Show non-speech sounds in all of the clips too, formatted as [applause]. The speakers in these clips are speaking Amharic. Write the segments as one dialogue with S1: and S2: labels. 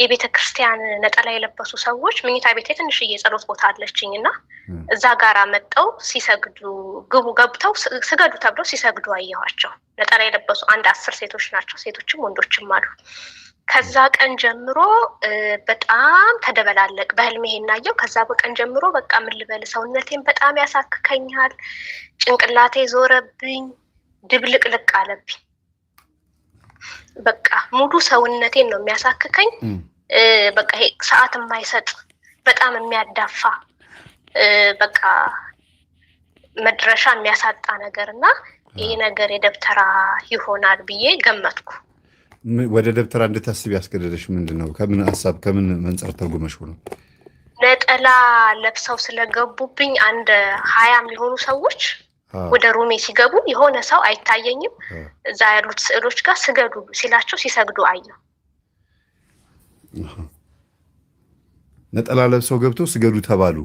S1: የቤተ ክርስቲያን ነጠላ የለበሱ ሰዎች ምኝታ ቤት ትንሽዬ የጸሎት ቦታ አለችኝ እና እዛ ጋራ መጠው ሲሰግዱ ግቡ ገብተው ስገዱ ተብለው ሲሰግዱ አየኋቸው። ነጠላ የለበሱ አንድ አስር ሴቶች ናቸው፣ ሴቶችም ወንዶችም አሉ። ከዛ ቀን ጀምሮ በጣም ተደበላለቅ በህልም በህልሜ እናየው። ከዛ በቀን ጀምሮ በቃ ምን ልበል ሰውነቴን በጣም ያሳክከኛል፣ ጭንቅላቴ ዞረብኝ፣ ድብልቅልቅ አለብኝ። በቃ ሙሉ ሰውነቴን ነው የሚያሳክከኝ። በቃ ይሄ ሰዓት የማይሰጥ በጣም የሚያዳፋ በቃ መድረሻ የሚያሳጣ ነገር እና ይህ ነገር የደብተራ ይሆናል ብዬ ገመትኩ።
S2: ወደ ደብተራ እንድታስብ ያስገደደሽ ምንድን ነው? ከምን ሀሳብ ከምን መንጸር ተርጉመሽ ነው?
S1: ነጠላ ለብሰው ስለገቡብኝ አንድ ሀያ የሚሆኑ ሰዎች ወደ ሩሜ ሲገቡ የሆነ ሰው አይታየኝም። እዛ ያሉት ስዕሎች ጋር ስገዱ ሲላቸው ሲሰግዱ አየሁ።
S2: ነጠላ ለብሰው ገብተው ስገዱ ተባሉ።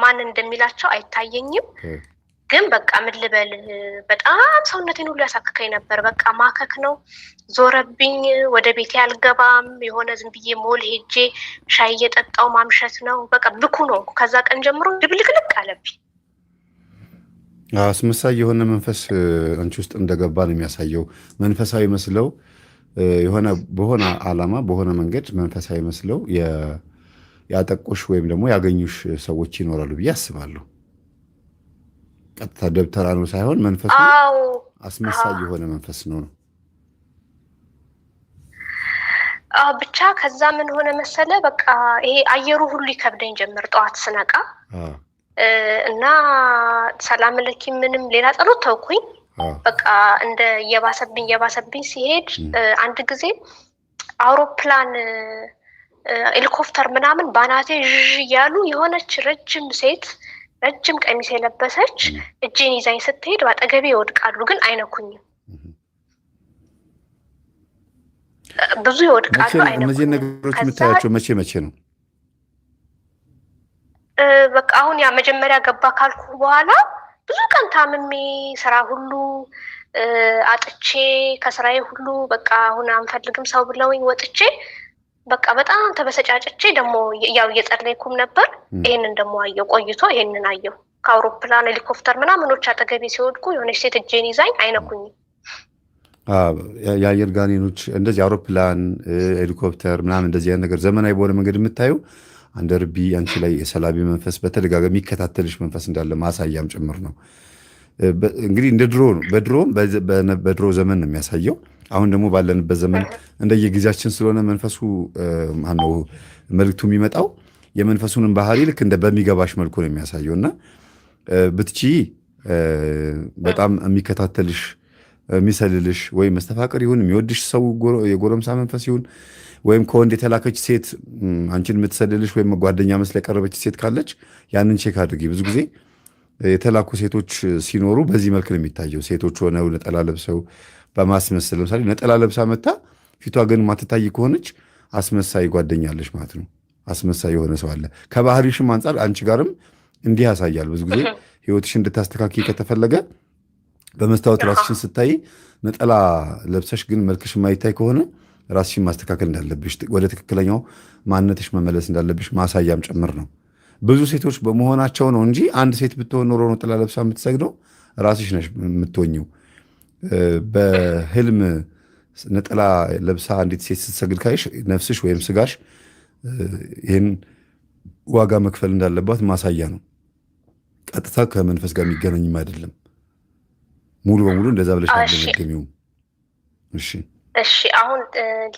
S1: ማን እንደሚላቸው አይታየኝም፣ ግን በቃ ምን ልበል፣ በጣም ሰውነቴን ሁሉ ያሳክከኝ ነበር። በቃ ማከክ ነው ዞረብኝ። ወደ ቤቴ አልገባም። የሆነ ዝም ብዬ ሞል ሄጄ ሻይ እየጠጣው ማምሸት ነው። በቃ ብኩ ነው። ከዛ ቀን ጀምሮ ድብልቅልቅ አለብኝ።
S2: አስመሳይ የሆነ መንፈስ አንቺ ውስጥ እንደገባ ነው የሚያሳየው። መንፈሳዊ መስለው የሆነ በሆነ አላማ በሆነ መንገድ መንፈሳዊ መስለው ያጠቁሽ ወይም ደግሞ ያገኙሽ ሰዎች ይኖራሉ ብዬ አስባለሁ። ቀጥታ ደብተራ ነው ሳይሆን መንፈሱ አስመሳይ የሆነ መንፈስ ነው ነው
S1: ብቻ ከዛ ምን ሆነ መሰለ፣ በቃ ይሄ አየሩ ሁሉ ይከብደኝ ጀምር ጠዋት ስነቃ እና ሰላም ለኪ ምንም ሌላ ጸሎት ተውኩኝ። በቃ እንደ እየባሰብኝ እየባሰብኝ ሲሄድ አንድ ጊዜ አውሮፕላን ሄሊኮፕተር ምናምን ባናቴ ዥ እያሉ የሆነች ረጅም ሴት ረጅም ቀሚስ የለበሰች እጄን ይዛኝ ስትሄድ በአጠገቤ ይወድቃሉ፣ ግን አይነኩኝም። ብዙ ይወድቃሉ።
S2: እነዚህ ነገሮች የምታያቸው መቼ መቼ ነው?
S1: በቃ አሁን ያ መጀመሪያ ገባ ካልኩ በኋላ ብዙ ቀን ታምሜ ስራ ሁሉ አጥቼ ከስራዬ ሁሉ በቃ አሁን አንፈልግም ሰው ብለውኝ ወጥቼ በቃ በጣም ተበሰጫጭቼ ደግሞ ያው እየጸለይኩም ነበር። ይህንን ደግሞ አየው ቆይቶ ይህንን አየው ከአውሮፕላን ሄሊኮፕተር ምናምኖች አጠገቤ ሲወድቁ የሆነች ሴት እጄን ይዛኝ አይነኩኝ
S2: የአየር ጋኔኖች እንደዚህ አውሮፕላን ሄሊኮፕተር ምናምን እንደዚህ ነገር ዘመናዊ በሆነ መንገድ የምታዩ አንደርቢ አንቺ ላይ የሰላቢ መንፈስ በተደጋጋሚ የሚከታተልሽ መንፈስ እንዳለ ማሳያም ጭምር ነው። እንግዲህ እንደ ድሮ ነው። በድሮም በድሮ ዘመን ነው የሚያሳየው። አሁን ደግሞ ባለንበት ዘመን እንደየጊዜያችን ስለሆነ መንፈሱ ማነው መልክቱ የሚመጣው የመንፈሱንም ባህሪ ልክ እንደ በሚገባሽ መልኩ ነው የሚያሳየው እና ብትቺ በጣም የሚከታተልሽ የሚሰልልሽ ወይም መስተፋቅር ይሁን የሚወድሽ ሰው የጎረምሳ መንፈስ ይሁን ወይም ከወንድ የተላከች ሴት አንቺን የምትሰልልሽ ወይም ጓደኛ መስል የቀረበች ሴት ካለች ያንን ቼክ አድርጊ። ብዙ ጊዜ የተላኩ ሴቶች ሲኖሩ በዚህ መልክ ነው የሚታየው። ሴቶች ሆነው ነጠላ ለብሰው በማስመሰል ለምሳሌ ነጠላ ለብሳ መታ ፊቷ ግን ማትታይ ከሆነች አስመሳይ ጓደኛለች ማለት ነው። አስመሳይ የሆነ ሰው አለ። ከባህሪሽም አንጻር አንቺ ጋርም እንዲህ ያሳያል። ብዙ ጊዜ [laughs] ህይወትሽ እንድታስተካክል ከተፈለገ በመስታወት ራስሽን ስታይ ነጠላ ለብሰሽ ግን መልክሽ የማይታይ ከሆነ ራስሽን ማስተካከል እንዳለብሽ ወደ ትክክለኛው ማንነትሽ መመለስ እንዳለብሽ ማሳያም ጭምር ነው። ብዙ ሴቶች በመሆናቸው ነው እንጂ አንድ ሴት ብትሆን ኖሮ ነጠላ ለብሳ የምትሰግደው ራስሽ ነሽ የምትወኘው። በህልም ነጠላ ለብሳ አንዲት ሴት ስትሰግድ ካይሽ ነፍስሽ ወይም ስጋሽ ይህን ዋጋ መክፈል እንዳለባት ማሳያ ነው። ቀጥታ ከመንፈስ ጋር የሚገናኝም አይደለም። ሙሉ በሙሉ እንደዛ ብለሽ አገኘው።
S1: እሺ እሺ። አሁን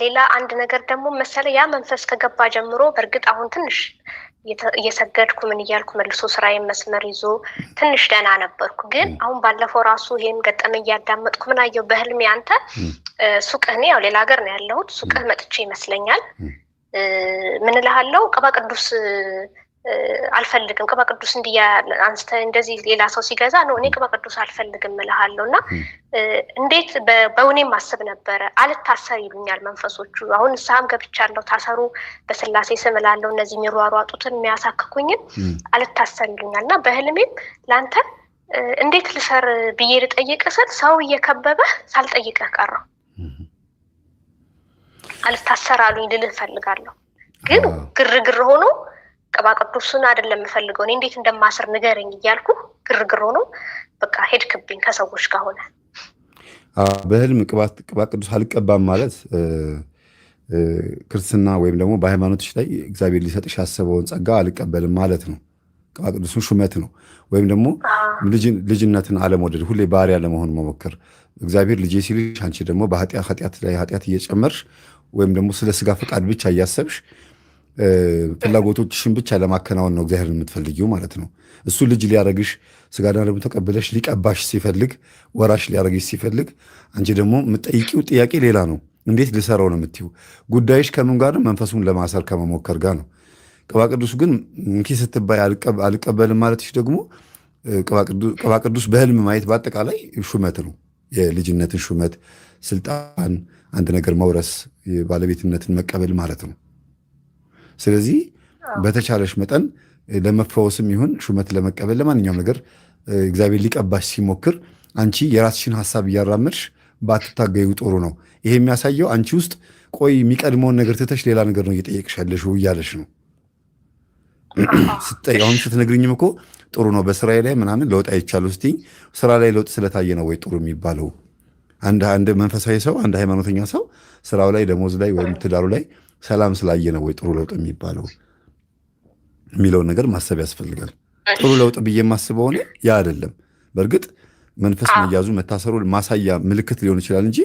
S1: ሌላ አንድ ነገር ደግሞ መሰለ ያ መንፈስ ከገባ ጀምሮ በእርግጥ አሁን ትንሽ እየሰገድኩ ምን እያልኩ መልሶ ስራዬን መስመር ይዞ ትንሽ ደህና ነበርኩ። ግን አሁን ባለፈው ራሱ ይሄን ገጠመኝ እያዳመጥኩ ምን አየሁ በህልሜ አንተ ሱቅህ፣ ያው ሌላ ሀገር ነው ያለሁት ሱቅህ መጥቼ ይመስለኛል ምን እልሃለሁ ቅባ ቅዱስ አልፈልግም ቅባ ቅዱስ እንዲያ አንስተ እንደዚህ ሌላ ሰው ሲገዛ ነው እኔ ቅባ ቅዱስ አልፈልግም እልሃለሁ። እና እንዴት በእውኔም ማስብ ነበረ። አልታሰር ይሉኛል መንፈሶቹ። አሁን ንስሐም ገብቻለሁ፣ ታሰሩ በስላሴ ስም እላለሁ። እነዚህ የሚሯሯጡትን የሚያሳክኩኝን አልታሰር ይሉኛል። እና በህልሜም ለአንተ እንዴት ልሰር ብዬ ልጠይቅ ስል ሰው እየከበበ ሳልጠይቀ ቀረው። አልታሰር አሉኝ ልልህ ግን ግርግር ሆኖ ቅባ ቅዱስን አይደለም የምፈልገው እኔ እንዴት እንደማስር ንገረኝ እያልኩ ግርግር ሆኖ በቃ ሄድክብኝ ከሰዎች ጋር ሆነ።
S2: በህልም ቅባ ቅዱስ አልቀባም ማለት ክርስትና ወይም ደግሞ በሃይማኖትሽ ላይ እግዚአብሔር ሊሰጥሽ ያሰበውን ጸጋ አልቀበልም ማለት ነው። ቅባ ቅዱስን ሹመት ነው ወይም ደግሞ ልጅነትን አለመውደድ፣ ሁሌ ባሪያ ለመሆን መሞከር። እግዚአብሔር ልጄ ሲልሽ አንቺ ደግሞ በኃጢአት ላይ ኃጢአት እየጨመርሽ ወይም ደግሞ ስለ ስጋ ፈቃድ ብቻ እያሰብሽ ፍላጎቶችሽን ብቻ ለማከናወን ነው እግዚአብሔር የምትፈልጊው ማለት ነው። እሱ ልጅ ሊያረግሽ ስጋ ደም ደግሞ ተቀብለሽ ሊቀባሽ ሲፈልግ ወራሽ ሊያረግሽ ሲፈልግ፣ አንቺ ደግሞ የምጠይቂው ጥያቄ ሌላ ነው። እንዴት ልሰራው ነው የምትይው። ጉዳይሽ ከምን ጋር ነው? መንፈሱን ለማሰር ከመሞከር ጋር ነው። ቅባ ቅዱስ ግን እንኪ ስትባይ አልቀበልም ማለትሽ ደግሞ ቅባ ቅዱስ በህልም ማየት በአጠቃላይ ሹመት ነው። የልጅነትን ሹመት፣ ስልጣን፣ አንድ ነገር መውረስ፣ ባለቤትነትን መቀበል ማለት ነው። ስለዚህ በተቻለሽ መጠን ለመፈወስም ይሁን ሹመት ለመቀበል ለማንኛውም ነገር እግዚአብሔር ሊቀባሽ ሲሞክር አንቺ የራስሽን ሀሳብ እያራመድሽ ባትታገዩ ጥሩ ነው። ይሄ የሚያሳየው አንቺ ውስጥ ቆይ የሚቀድመውን ነገር ትተሽ ሌላ ነገር ነው እየጠየቅሽ ያለሽ እያለሽ ነው። አሁን ስትነግርኝም እኮ ጥሩ ነው በስራዬ ላይ ምናምን ለውጥ አይቻለሁ ስትይኝ ስራ ላይ ለውጥ ስለታየ ነው ወይ ጥሩ የሚባለው? አንድ መንፈሳዊ ሰው አንድ ሃይማኖተኛ ሰው ስራው ላይ ደሞዝ ላይ ወይም ትዳሩ ላይ ሰላም ስላየ ነው ወይ ጥሩ ለውጥ የሚባለው የሚለውን ነገር ማሰብ ያስፈልጋል። ጥሩ ለውጥ ብዬ የማስበው ሆነ ያ አይደለም። በእርግጥ መንፈስ መያዙ መታሰሩ ማሳያ ምልክት ሊሆን ይችላል እንጂ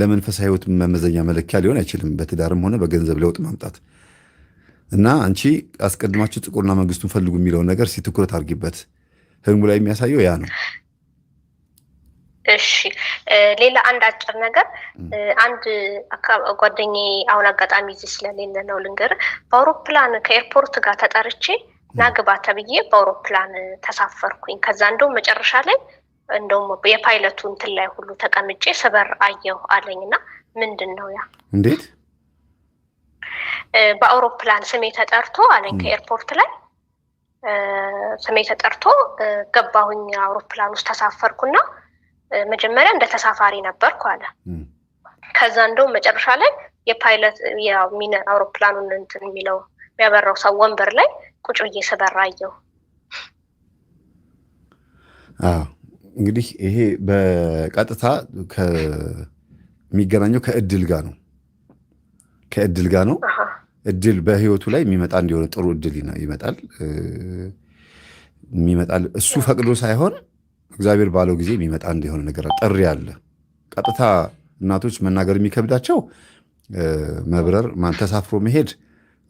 S2: ለመንፈስ ህይወት መመዘኛ መለኪያ ሊሆን አይችልም። በትዳርም ሆነ በገንዘብ ለውጥ ማምጣት እና አንቺ አስቀድማችሁ ጥቁርና መንግስቱን ፈልጉ የሚለውን ነገር ሲትኩረት አድርጊበት። ህልሙ ላይ የሚያሳየው ያ ነው።
S1: እሺ ሌላ አንድ አጭር ነገር አንድ ጓደኛ አሁን አጋጣሚ እዚህ ስለሌለ ነው ልንገር። በአውሮፕላን ከኤርፖርት ጋር ተጠርቼ ናግባ ተብዬ በአውሮፕላን ተሳፈርኩኝ። ከዛ እንደውም መጨረሻ ላይ እንደውም የፓይለቱ እንትን ላይ ሁሉ ተቀምጬ ስበር አየሁ አለኝ እና ምንድን ነው ያ እንዴት በአውሮፕላን ስሜ ተጠርቶ አለኝ ከኤርፖርት ላይ ስሜ ተጠርቶ ገባሁኝ አውሮፕላን ውስጥ ተሳፈርኩና መጀመሪያ እንደ ተሳፋሪ ነበርኩ አለ። ከዛ እንደውም መጨረሻ ላይ የፓይለት አውሮፕላኑን እንትን የሚለው የሚያበራው ሰው ወንበር ላይ ቁጭ ብዬ ስበራ
S2: እንግዲህ ይሄ በቀጥታ የሚገናኘው ከእድል ጋር ነው። ከእድል ጋር ነው። እድል በህይወቱ ላይ የሚመጣ እንዲሆነ ጥሩ እድል ይመጣል የሚመጣል እሱ ፈቅዶ ሳይሆን እግዚአብሔር ባለው ጊዜ የሚመጣ እንደሆነ ነገር ጥሪ አለ። ቀጥታ እናቶች መናገር የሚከብዳቸው መብረር ተሳፍሮ መሄድ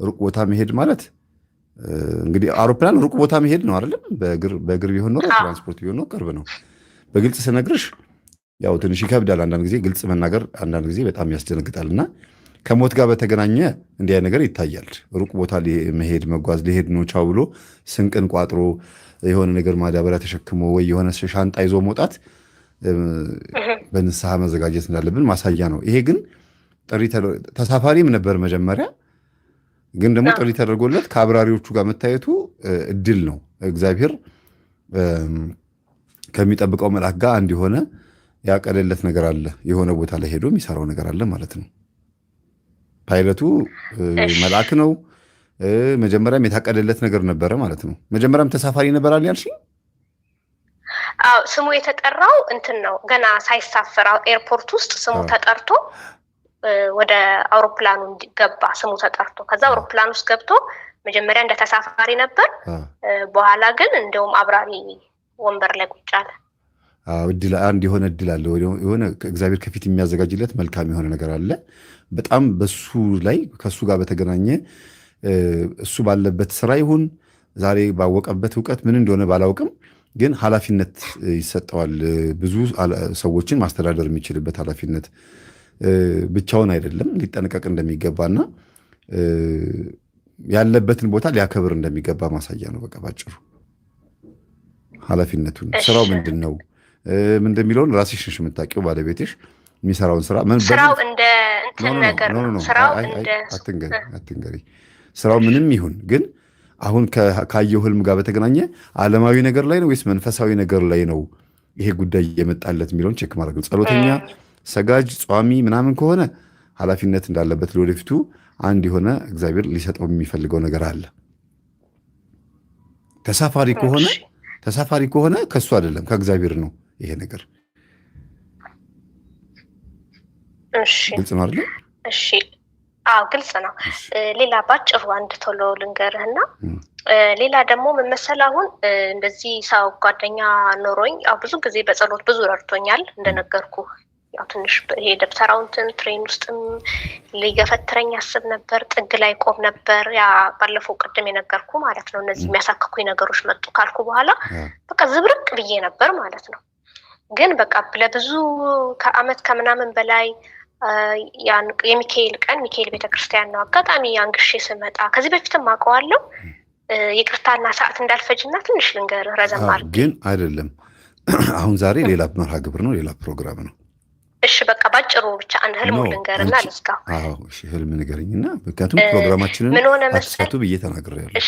S2: ሩቅ ቦታ መሄድ ማለት እንግዲህ አውሮፕላን ሩቅ ቦታ መሄድ ነው አይደለም። በእግር ቢሆን ኖሮ ትራንስፖርት ቢሆን ኖሮ ቅርብ ነው። በግልጽ ስነግርሽ ያው ትንሽ ይከብዳል። አንዳንድ ጊዜ ግልጽ መናገር አንዳንድ ጊዜ በጣም ያስደነግጣል። እና ከሞት ጋር በተገናኘ እንዲህ ነገር ይታያል። ሩቅ ቦታ መሄድ መጓዝ ሊሄድ ነው ቻው ብሎ ስንቅን ቋጥሮ የሆነ ነገር ማዳበሪያ ተሸክሞ ወይ የሆነ ሻንጣ ይዞ መውጣት በንስሐ መዘጋጀት እንዳለብን ማሳያ ነው። ይሄ ግን ጥሪ ተሳፋሪም ነበር መጀመሪያ፣ ግን ደግሞ ጥሪ ተደርጎለት ከአብራሪዎቹ ጋር መታየቱ እድል ነው። እግዚአብሔር ከሚጠብቀው መልአክ ጋር አንድ የሆነ ያቀለለት ነገር አለ። የሆነ ቦታ ላይ ሄዶ የሚሰራው ነገር አለ ማለት ነው። ፓይለቱ መልአክ ነው። መጀመሪያም የታቀደለት ነገር ነበረ ማለት ነው። መጀመሪያም ተሳፋሪ ነበራል ያልሽኝ?
S1: አዎ ስሙ የተጠራው እንትን ነው። ገና ሳይሳፈር ኤርፖርት ውስጥ ስሙ ተጠርቶ ወደ አውሮፕላኑ ገባ። ስሙ ተጠርቶ ከዛ አውሮፕላን ውስጥ ገብቶ መጀመሪያ እንደ ተሳፋሪ ነበር። በኋላ ግን እንደውም አብራሪ ወንበር ላይ ቁጭ አለ።
S2: አንድ የሆነ እድል አለ። የሆነ እግዚአብሔር ከፊት የሚያዘጋጅለት መልካም የሆነ ነገር አለ። በጣም በሱ ላይ ከሱ ጋር በተገናኘ እሱ ባለበት ስራ ይሁን ዛሬ ባወቀበት እውቀት ምን እንደሆነ ባላውቅም ግን ኃላፊነት ይሰጠዋል። ብዙ ሰዎችን ማስተዳደር የሚችልበት ኃላፊነት ብቻውን አይደለም፣ ሊጠነቀቅ እንደሚገባና ያለበትን ቦታ ሊያከብር እንደሚገባ ማሳያ ነው። በቃ ባጭሩ ኃላፊነቱን ስራው ምንድን ነው ምን እንደሚለውን ራስሽ ነሽ የምታውቂው። ባለቤትሽ የሚሰራውን ስራ
S1: ነው። ስራው ስራው እንደ እንደ ነገር
S2: አትንገሪ አትንገሪ። ስራው ምንም ይሁን ግን አሁን ካየው ህልም ጋር በተገናኘ አለማዊ ነገር ላይ ነው ወይስ መንፈሳዊ ነገር ላይ ነው ይሄ ጉዳይ የመጣለት የሚለውን ቼክ ማድረግ ነው። ጸሎተኛ፣ ሰጋጅ፣ ጿሚ ምናምን ከሆነ ኃላፊነት እንዳለበት ለወደፊቱ አንድ የሆነ እግዚአብሔር ሊሰጠው የሚፈልገው ነገር አለ። ተሳፋሪ ከሆነ ተሳፋሪ ከሆነ ከሱ አይደለም ከእግዚአብሔር ነው ይሄ ነገር። ግልጽ ነው አይደል?
S1: አዎ ግልጽ ነው። ሌላ ባጭሩ አንድ ቶሎ ልንገርህ እና ሌላ ደግሞ ምን አሁን እንደዚህ ሰው ጓደኛ ኖሮኝ ያው ብዙ ጊዜ በጸሎት ብዙ ረድቶኛል እንደነገርኩ ያው ትንሽ ይሄ ደብተራውንትን ትሬን ውስጥም ሊገፈትረኝ ያስብ ነበር። ጥግ ላይ ቆም ነበር። ያ ባለፈው ቅድም የነገርኩ ማለት ነው። እነዚህ የሚያሳክኩኝ ነገሮች መጡ ካልኩ በኋላ በቃ ዝብርቅ ብዬ ነበር ማለት ነው። ግን በቃ ለብዙ ከአመት ከምናምን በላይ የሚካኤል ቀን ሚካኤል ቤተክርስቲያን ነው። አጋጣሚ አንግሼ ስመጣ ከዚህ በፊትም አውቀዋለሁ። ይቅርታና ሰዓት እንዳልፈጅና ትንሽ ልንገር ረዘም
S2: ግን አይደለም። [clears throat] አሁን ዛሬ ሌላ መርሃ ግብር ነው፣ ሌላ ፕሮግራም ነው።
S1: እሺ በቃ ባጭሩ ብቻ አንድ ህልሙ ልንገርና ልዝጋው።
S2: ህልም ንገርኝና፣ ምክንያቱም ፕሮግራማችንን ምን ሆነ መሰለህ ብዬ ተናግሬያለሁ።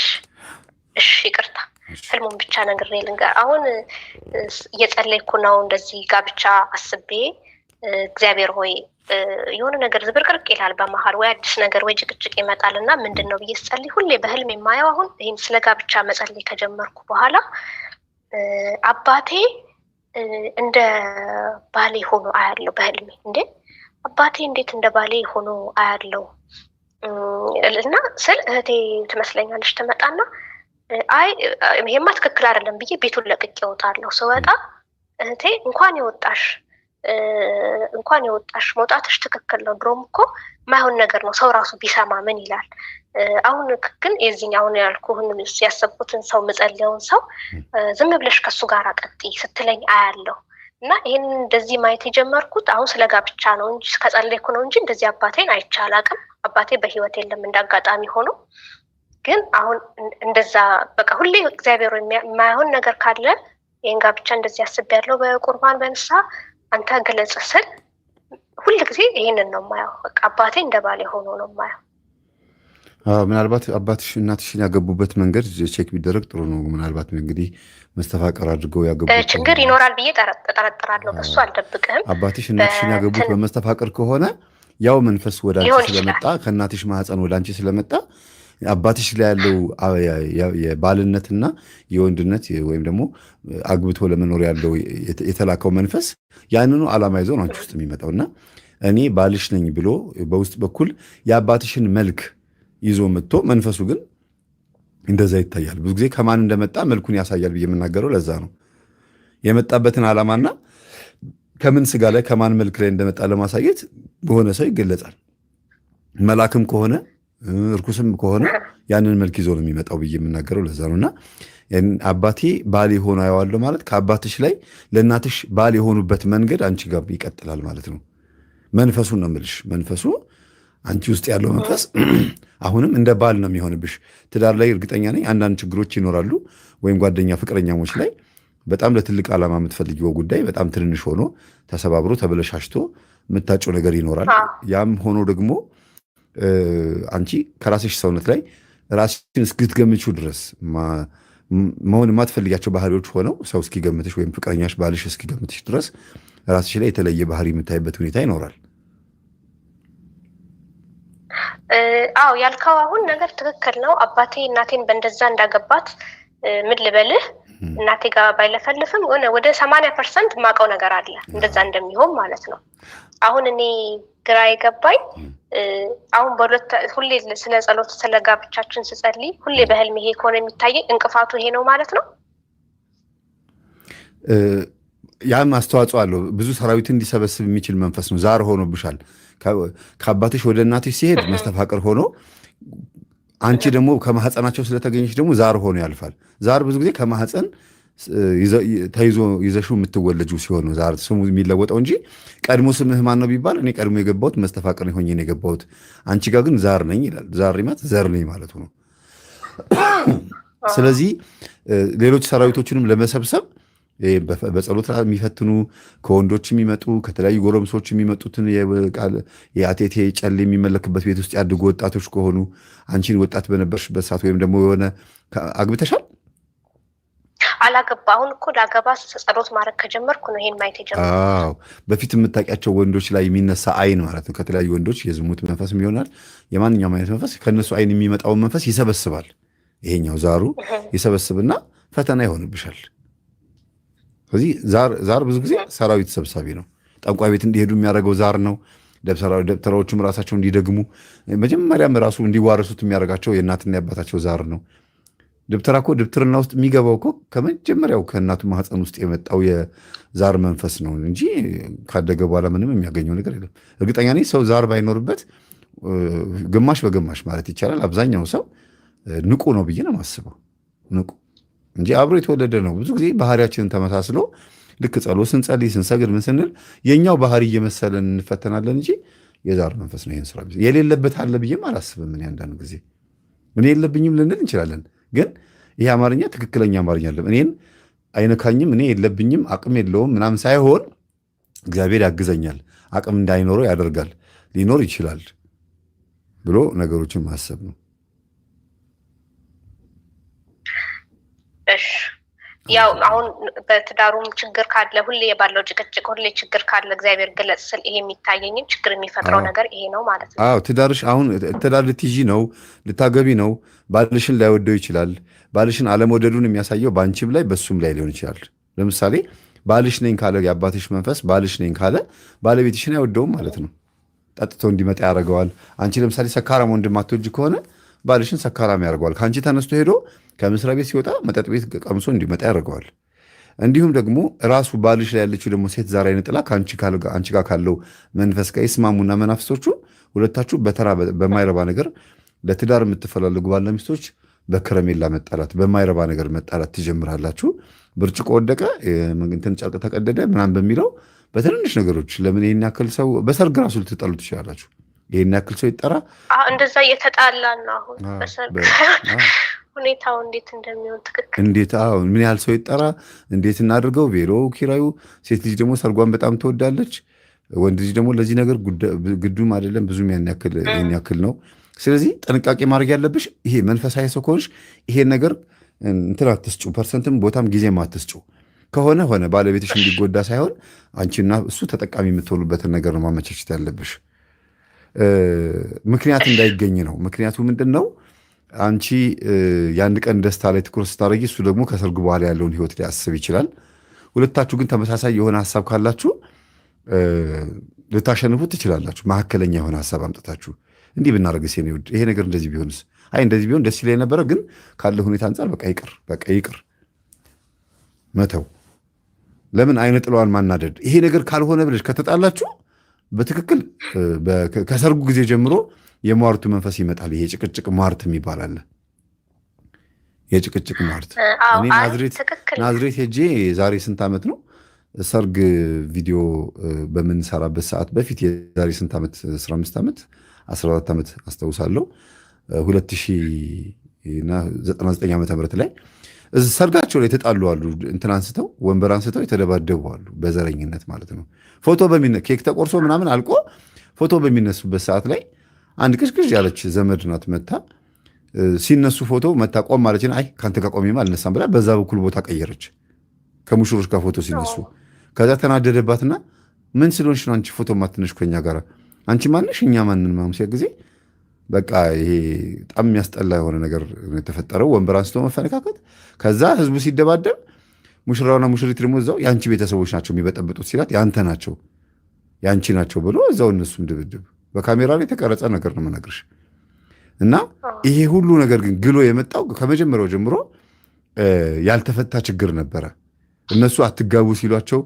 S1: እሺ ይቅርታ ህልሙን ብቻ ነግሬ ልንገር። አሁን እየጸለይኩ ነው እንደዚህ ጋብቻ አስቤ እግዚአብሔር ሆይ የሆነ ነገር ዝብርቅርቅ ይላል በመሀል ወይ አዲስ ነገር ወይ ጭቅጭቅ ይመጣል እና ምንድን ነው ብዬ ስጸልይ ሁሌ በህልም የማየው አሁን ይህም ስለ ጋብቻ መጸለይ ከጀመርኩ በኋላ አባቴ እንደ ባሌ ሆኖ አያለው በህልሜ እንዴ አባቴ እንዴት እንደ ባሌ ሆኖ አያለው እና ስል እህቴ ትመስለኛለች ትመጣና አይ ይሄማ ትክክል አይደለም ብዬ ቤቱን ለቅቄ እወጣለሁ ስወጣ እህቴ እንኳን የወጣሽ እንኳን የወጣሽ መውጣትሽ ትክክል ነው። ድሮም እኮ ማይሆን ነገር ነው። ሰው ራሱ ቢሰማ ምን ይላል? አሁን ግን የዚህን አሁን ያልኩህን ያሰብኩትን ሰው ምጸልየውን ሰው ዝም ብለሽ ከሱ ጋር ቀጥይ ስትለኝ አያለሁ እና ይህን እንደዚህ ማየት የጀመርኩት አሁን ስለ ጋብቻ ነው እንጂ ከጸለይኩ ነው እንጂ እንደዚህ አባቴን አይቼ አላቅም። አባቴ በህይወት የለም እንዳጋጣሚ ሆኖ ግን አሁን እንደዛ በቃ ሁሌ እግዚአብሔር የማይሆን ነገር ካለ ይህን ጋብቻ እንደዚህ አስቤያለሁ በቁርባን በንስሐ አንተ ግለጽ ስል ሁል ጊዜ ይህንን ነው የማየው። በቃ አባቴ እንደ ባሌ ሆኖ ነው የማየው።
S2: ምናልባት አባትሽ እናትሽን ያገቡበት መንገድ ቼክ ቢደረግ ጥሩ ነው። ምናልባት እንግዲህ መስተፋቀር አድርገው ያገቡ
S1: ችግር ይኖራል ብዬ ጠረጥራለሁ። እሱ አልደብቅህም።
S2: አባትሽ እናትሽን ያገቡት በመስተፋቀር ከሆነ ያው መንፈስ ወደ አንቺ ስለመጣ ከእናትሽ ማህፀን ወደ አንቺ ስለመጣ አባትሽ ላይ ያለው የባልነትና የወንድነት ወይም ደግሞ አግብቶ ለመኖር ያለው የተላከው መንፈስ ያንኑ ዓላማ ይዞ ነው አንቺ ውስጥ የሚመጣው እና እኔ ባልሽ ነኝ ብሎ በውስጥ በኩል የአባትሽን መልክ ይዞ መጥቶ መንፈሱ ግን እንደዛ ይታያል። ብዙ ጊዜ ከማን እንደመጣ መልኩን ያሳያል ብዬ የምናገረው ለዛ ነው። የመጣበትን ዓላማና ከምን ስጋ ላይ ከማን መልክ ላይ እንደመጣ ለማሳየት በሆነ ሰው ይገለጻል። መልአክም ከሆነ እርኩስም ከሆነ ያንን መልክ ይዞ ነው የሚመጣው ብዬ የምናገረው ለዛ ነው። እና አባቴ ባል የሆኑ አየዋለሁ ማለት ከአባትሽ ላይ ለእናትሽ ባል የሆኑበት መንገድ አንቺ ጋር ይቀጥላል ማለት ነው። መንፈሱን ነው የምልሽ። መንፈሱ አንቺ ውስጥ ያለው መንፈስ አሁንም እንደ ባል ነው የሚሆንብሽ። ትዳር ላይ እርግጠኛ ነኝ አንዳንድ ችግሮች ይኖራሉ፣ ወይም ጓደኛ ፍቅረኛሞች ላይ በጣም ለትልቅ ዓላማ የምትፈልጊው ጉዳይ በጣም ትንንሽ ሆኖ ተሰባብሮ ተበለሻሽቶ የምታጭው ነገር ይኖራል። ያም ሆኖ ደግሞ አንቺ ከራስሽ ሰውነት ላይ ራስሽን እስክትገምችው ድረስ መሆን የማትፈልጊያቸው ባህሪዎች ሆነው ሰው እስኪገምትሽ ወይም ፍቅረኛሽ ባልሽ እስኪገምትሽ ድረስ ራስሽ ላይ የተለየ ባህሪ የምታይበት ሁኔታ ይኖራል።
S1: አዎ ያልከው አሁን ነገር ትክክል ነው። አባቴ እናቴን በእንደዛ እንዳገባት ምን ልበልህ እናቴ ጋር ባይለፈልፍም ሆነ ወደ ሰማንያ ፐርሰንት የማውቀው ነገር አለ እንደዛ እንደሚሆን ማለት ነው። አሁን እኔ ግራ የገባኝ አሁን በሁለት ሁሌ ስለ ጸሎት ስለ ጋብቻችን ስጸልይ ሁሌ በህልም ይሄ ከሆነ የሚታየኝ እንቅፋቱ ይሄ ነው ማለት ነው።
S2: ያም አስተዋጽኦ አለው። ብዙ ሰራዊትን እንዲሰበስብ የሚችል መንፈስ ነው። ዛር ሆኖብሻል። ከአባትሽ ወደ እናትሽ ሲሄድ መስተፋቅር ሆኖ አንቺ ደግሞ ከማህፀናቸው ስለተገኘች ደግሞ ዛር ሆኖ ያልፋል። ዛር ብዙ ጊዜ ከማህፀን ተይዞ ይዘሹ የምትወለጁ ሲሆን ዛር ስሙ የሚለወጠው እንጂ ቀድሞ ስምህ ማን ነው ቢባል እኔ ቀድሞ የገባሁት መስተፋቅር ሆኝ ነው የገባሁት፣ አንቺ ጋር ግን ዛር ነኝ ይላል። ዛር ማለት ዘር ነኝ ማለቱ ነው። ስለዚህ ሌሎች ሰራዊቶችንም ለመሰብሰብ በጸሎት የሚፈትኑ ከወንዶች የሚመጡ ከተለያዩ ጎረምሶች የሚመጡትን የአቴቴ ጨሌ የሚመለክበት ቤት ውስጥ ያድጉ ወጣቶች ከሆኑ አንቺን ወጣት በነበርሽበት ሰዓት ወይም ደግሞ የሆነ አግብተሻል?
S1: አላገባ አሁን እኮ ላገባ ጸሎት ማድረግ ከጀመርኩ ነው ይሄን ማየት
S2: የጀመርኩ። በፊት የምታውቂያቸው ወንዶች ላይ የሚነሳ አይን ማለት ነው። ከተለያዩ ወንዶች የዝሙት መንፈስ ይሆናል፣ የማንኛውም አይነት መንፈስ ከእነሱ አይን የሚመጣውን መንፈስ ይሰበስባል። ይሄኛው ዛሩ ይሰበስብና ፈተና ይሆንብሻል። ስለዚህ ዛር ብዙ ጊዜ ሰራዊት ሰብሳቢ ነው። ጠንቋይ ቤት እንዲሄዱ የሚያደርገው ዛር ነው። ደብተራዎቹም ራሳቸው እንዲደግሙ መጀመሪያም ራሱ እንዲዋረሱት የሚያደርጋቸው የእናትና የአባታቸው ዛር ነው። ደብተራ እኮ ደብትርና ውስጥ የሚገባው እኮ ከመጀመሪያው ከእናቱ ማህፀን ውስጥ የመጣው የዛር መንፈስ ነው እንጂ ካደገ በኋላ ምንም የሚያገኘው ነገር የለም። እርግጠኛ ነኝ ሰው ዛር ባይኖርበት ግማሽ በግማሽ ማለት ይቻላል አብዛኛው ሰው ንቁ ነው ብዬ ነው የማስበው። ንቁ እንጂ አብሮ የተወለደ ነው። ብዙ ጊዜ ባህሪያችንን ተመሳስሎ ልክ ጸሎት ስንጸልይ ስንሰግድ ምን ስንል የእኛው ባህሪ እየመሰለን እንፈተናለን እንጂ የዛር መንፈስ ነው ይህን ስራ የሌለበት አለ ብዬም አላስብም። እኔ አንዳንድ ጊዜ እኔ የለብኝም ልንል እንችላለን፣ ግን ይህ አማርኛ ትክክለኛ አማርኛ አለም እኔን አይነካኝም፣ እኔ የለብኝም፣ አቅም የለውም ምናምን ሳይሆን እግዚአብሔር ያግዘኛል፣ አቅም እንዳይኖረው ያደርጋል፣ ሊኖር ይችላል ብሎ ነገሮችን ማሰብ ነው።
S1: ነበርሽ። ያው አሁን በትዳሩም ችግር ካለ ሁሌ ባለው ጭቅጭቅ ሁሌ ችግር ካለ እግዚአብሔር ገለጽ ስል ይሄ የሚታየኝም ችግር የሚፈጥረው ነገር ይሄ ነው ማለት ነው።
S2: አዎ ትዳርሽ አሁን ትዳር ልትይዢ ነው ልታገቢ ነው። ባልሽን ላይወደው ይችላል። ባልሽን አለመውደዱን የሚያሳየው በአንቺም ላይ በሱም ላይ ሊሆን ይችላል። ለምሳሌ ባልሽ ነኝ ካለ የአባትሽ መንፈስ ባልሽ ነኝ ካለ ባለቤትሽን አይወደውም ማለት ነው። ጠጥቶ እንዲመጣ ያደርገዋል። አንቺ ለምሳሌ ሰካራም ወንድም አትወጂ ከሆነ ባልሽን ሰካራም ያደርገዋል። ከአንቺ ተነስቶ ሄዶ ከመስሪያ ቤት ሲወጣ መጠጥ ቤት ቀምሶ እንዲመጣ ያደርገዋል። እንዲሁም ደግሞ ራሱ ባልሽ ላይ ያለችው ደግሞ ሴት ዛሬ አይነ ጥላ ከአንቺ ጋር ካለው መንፈስ ጋር ይስማሙና መናፍሶቹ ሁለታችሁ በተራ በማይረባ ነገር ለትዳር የምትፈላለጉ ባልና ሚስቶች በከረሜላ መጣላት፣ በማይረባ ነገር መጣላት ትጀምራላችሁ። ብርጭቆ ወደቀ፣ እንትን ጨርቅ ተቀደደ ምናምን በሚለው በትንንሽ ነገሮች ለምን ይህን ያክል ሰው በሰርግ ራሱ ልትጠሉ ትችላላችሁ። ይህን ያክል ሰው ይጠራ
S1: እንደዛ እየተጣላ ነው አሁን በሰርግ ሁኔታው እንዴት እንደሚሆን ትክክል
S2: እንዴት አዎ ምን ያህል ሰው ይጠራ እንዴት እናድርገው ቤሮ ኪራዩ ሴት ልጅ ደግሞ ሰርጓን በጣም ትወዳለች ወንድ ልጅ ደግሞ ለዚህ ነገር ግዱም አይደለም ብዙም ያን ያክል ነው ስለዚህ ጥንቃቄ ማድረግ ያለብሽ ይሄ መንፈሳዊ ሰው ከሆንሽ ይሄን ነገር እንትን አትስጩ ፐርሰንትም ቦታም ጊዜም አትስጩ ከሆነ ሆነ ባለቤትሽ እንዲጎዳ ሳይሆን አንቺና እሱ ተጠቃሚ የምትሆኑበትን ነገር ነው ማመቻቸት ያለብሽ ምክንያት እንዳይገኝ ነው ምክንያቱ ምንድን ነው አንቺ የአንድ ቀን ደስታ ላይ ትኩረት ስታደረጊ እሱ ደግሞ ከሰርጉ በኋላ ያለውን ህይወት ሊያስብ ይችላል። ሁለታችሁ ግን ተመሳሳይ የሆነ ሀሳብ ካላችሁ ልታሸንፉት ትችላላችሁ። መካከለኛ የሆነ ሀሳብ አምጥታችሁ እንዲህ ብናደርግስ ሴ ውድ ይሄ ነገር እንደዚህ ቢሆንስ፣ አይ እንደዚህ ቢሆን ደስ ይለኝ ነበረ፣ ግን ካለ ሁኔታ አንጻር በቃ ይቅር፣ በቃ ይቅር መተው። ለምን አይነ ጥለዋን ማናደድ? ይሄ ነገር ካልሆነ ብለሽ ከተጣላችሁ በትክክል ከሰርጉ ጊዜ ጀምሮ የሟርቱ መንፈስ ይመጣል። ይሄ ጭቅጭቅ ሟርት የሚባል አለ። የጭቅጭቅ ሟርት ናዝሬት ሄጄ ዛሬ ስንት ዓመት ነው ሰርግ ቪዲዮ በምንሰራበት ሰዓት በፊት የዛሬ ስንት ዓመት 15 ዓመት 14 ዓመት አስታውሳለሁ 2099 ዓ ም ላይ ሰርጋቸው ላይ የተጣሉ አሉ። እንትን አንስተው ወንበር አንስተው የተደባደቡ አሉ። በዘረኝነት ማለት ነው። ፎቶ ኬክ ተቆርሶ ምናምን አልቆ ፎቶ በሚነሱበት ሰዓት ላይ አንድ ቅዥቅዥ ያለች ዘመድ ናት መታ ሲነሱ ፎቶ መታ ቆም ማለች። አይ ከአንተ ጋር ቆሜማ አልነሳም ብላ በዛ በኩል ቦታ ቀየረች። ከሙሽሮች ጋር ፎቶ ሲነሱ ከዛ ተናደደባትና ምን ስለሆንሽ ነው አንቺ ፎቶ ማትነሽ ከኛ ጋር አንቺ ማነሽ? እኛ ማንን ማምሲያ ጊዜ በቃ ይሄ በጣም የሚያስጠላ የሆነ ነገር የተፈጠረው፣ ወንበር አንስቶ መፈነካከት። ከዛ ህዝቡ ሲደባደብ ሙሽራውና ሙሽሪት ደግሞ እዛው የአንቺ ቤተሰቦች ናቸው የሚበጠብጡት ሲላት ያንተ ናቸው የአንቺ ናቸው ብሎ እዛው እነሱም ድብድብ። በካሜራ ላይ የተቀረጸ ነገር ነው የምነግርሽ። እና ይሄ ሁሉ ነገር ግን ግሎ የመጣው ከመጀመሪያው ጀምሮ ያልተፈታ ችግር ነበረ። እነሱ አትጋቡ ሲሏቸው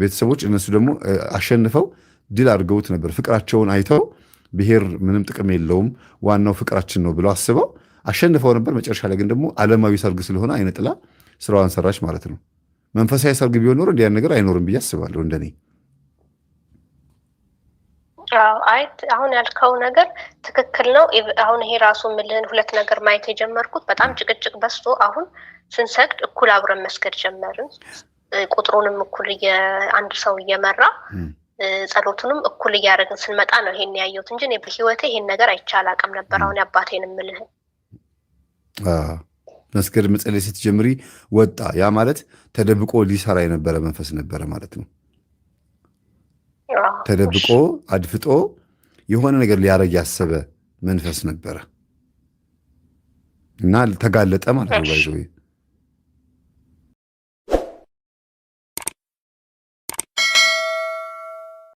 S2: ቤተሰቦች እነሱ ደግሞ አሸንፈው ድል አድርገውት ነበር። ፍቅራቸውን አይተው ብሔር ምንም ጥቅም የለውም፣ ዋናው ፍቅራችን ነው ብለው አስበው አሸንፈው ነበር። መጨረሻ ላይ ግን ደግሞ ዓለማዊ ሰርግ ስለሆነ አይነጥላ ስራዋን ሰራች ማለት ነው። መንፈሳዊ ሰርግ ቢሆን ኖሮ እንዲያን ነገር አይኖርም ብዬ አስባለሁ እንደኔ።
S1: አይ አሁን ያልከው ነገር ትክክል ነው። አሁን ይሄ ራሱ ምልህን ሁለት ነገር ማየት የጀመርኩት በጣም ጭቅጭቅ በስቶ አሁን ስንሰግድ እኩል አብረን መስገድ ጀመርን። ቁጥሩንም እኩል አንድ ሰው እየመራ ጸሎቱንም እኩል እያደረግን ስንመጣ ነው ይሄን ያየሁት እንጂ እኔ በህይወቴ ይሄን ነገር አይቻል አቅም ነበር። አሁን አባቴን የምልህን
S2: መስገድ መጸለይ ስትጀምሪ ወጣ። ያ ማለት ተደብቆ ሊሰራ የነበረ መንፈስ ነበረ ማለት ነው። ተደብቆ አድፍጦ የሆነ ነገር ሊያደርግ ያሰበ መንፈስ ነበረ እና ተጋለጠ ማለት ነው።